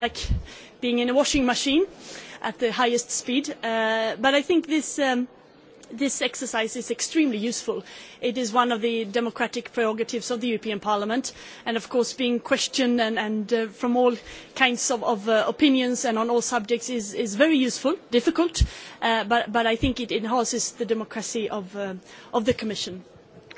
like being in a washing machine at the highest speed. but I think this, this exercise is extremely useful. It is one of the democratic prerogatives of the European Parliament, and of course being questioned and, from all kinds of, opinions and on all subjects is, is very useful, difficult, but, I think it enhances the democracy of the Commission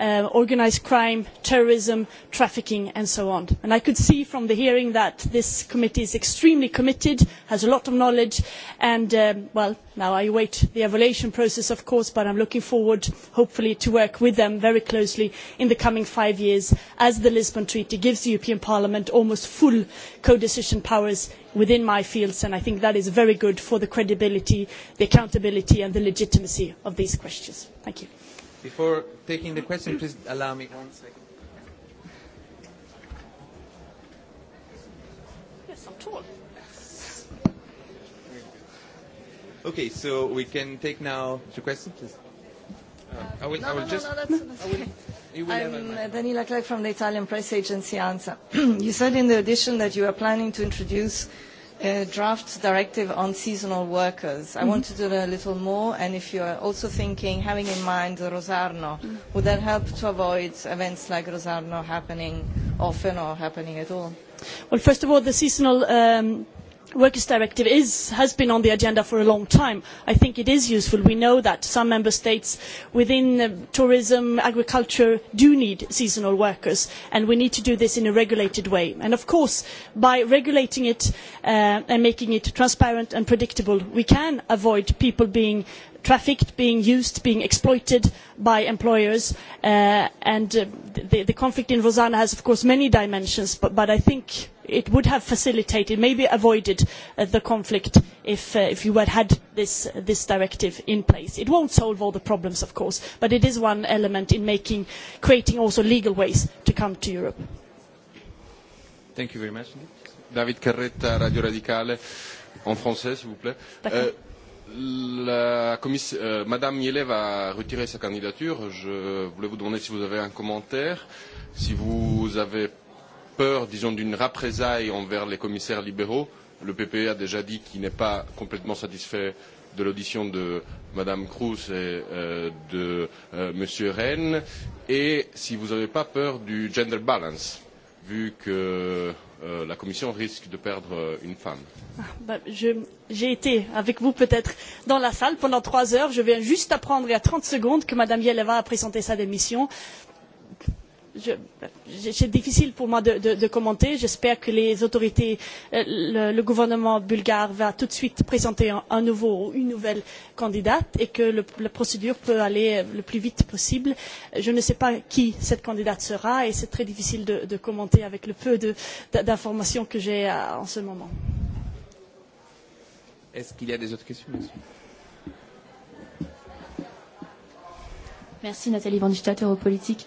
organised crime, terrorism, trafficking and so on. I could see from the hearing that this committee is extremely committed, has a lot of knowledge and, well, now I await the evaluation process of course, but I am looking forward hopefully to work with them very closely in the coming five years as the Lisbon Treaty gives the European Parliament almost full codecision powers within my fields and I think that is very good for the credibility, the accountability and the legitimacy of these questions. Thank you. Before taking the question, please allow me one second. Yes, I'm tall. Okay, so we can take now the question, please. I will, I will just. No, no, that's, I will, will I'm Daniela Clegg from the Italian press agency ANSA. you said in the audition that you are planning to introduce a draft directive on seasonal workers. I want to do a little more, and if you are also thinking, having in mind the Rosarno, would that help to avoid events like Rosarno happening often or happening at all? Well, first of all, the seasonal um, workers directive has been on the agenda for a long time. i think it is useful. we know that some member states within tourism and agriculture do need seasonal workers and we need to do this in a regulated way. of course by regulating it and making it transparent and predictable we can avoid people being trafficked, being used, being exploited by employers. and the, conflict in Rosanna has, of course, many dimensions, but, I think it would have facilitated, maybe avoided the conflict if, you had had this, directive in place. It will not solve all the problems, of course, but it is one element in making, creating also legal ways to come to Europe. Thank you very much. David Carretta, Radio Radicale, en français, s'il vous plaît. D'accord La commission, euh, Madame Yelev a retiré sa candidature. Je voulais vous demander si vous avez un commentaire, si vous avez peur, disons, d'une représaille envers les commissaires libéraux. Le PPE a déjà dit qu'il n'est pas complètement satisfait de l'audition de Madame Kroes et de Monsieur Rehn. Et si vous n'avez pas peur du gender balance vu que la Commission risque de perdre une femme. J'ai été avec vous peut-être dans la salle pendant trois heures. Je viens juste d'apprendre il y a trente secondes que Mme Yeleva a présenté sa démission c'est difficile pour moi de, commenter. J'espère que les autorités, le, gouvernement bulgare va tout de suite présenter un, nouveau ou une nouvelle candidate et que la procédure peut aller le plus vite possible. Je ne sais pas qui cette candidate sera et c'est très difficile de, commenter avec le peu d'informations que j'ai en ce moment. Est-ce qu'il y a des autres questions Merci Nathalie Vandita, politique?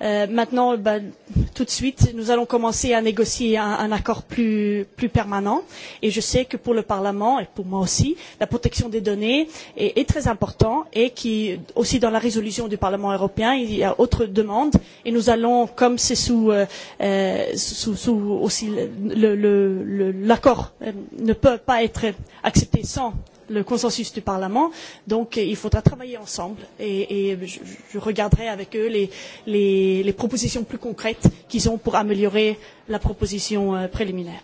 maintenant, tout de suite, nous allons commencer à négocier un, accord plus, permanent. Et je sais que pour le Parlement et pour moi aussi, la protection des données est, très importante et qui, aussi dans la résolution du Parlement européen, il y a autre demande. Et nous allons, comme c'est sous, aussi l'accord ne peut pas être accepté sans le consensus du Parlement. Donc il faudra travailler ensemble et, et je, je regarderai avec eux les, les, les propositions plus concrètes qu'ils ont pour améliorer la proposition préliminaire.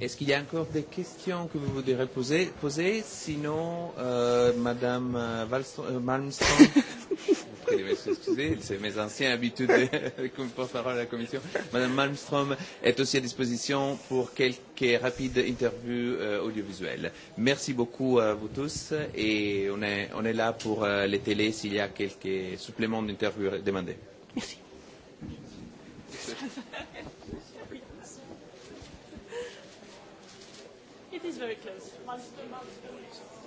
Est-ce qu'il y a encore des questions que vous voudrez poser, poser Sinon, euh, Madame Malmström qui devait s'excuser, c'est mes anciennes habitudes comme porte-parole de la Commission. Madame Malmström est aussi à disposition pour quelques rapides interviews euh, audiovisuelles. Merci beaucoup à vous tous et on est, on est là pour euh, les télés s'il y a quelques suppléments d'interviews demandés. Merci. It is very close. Months to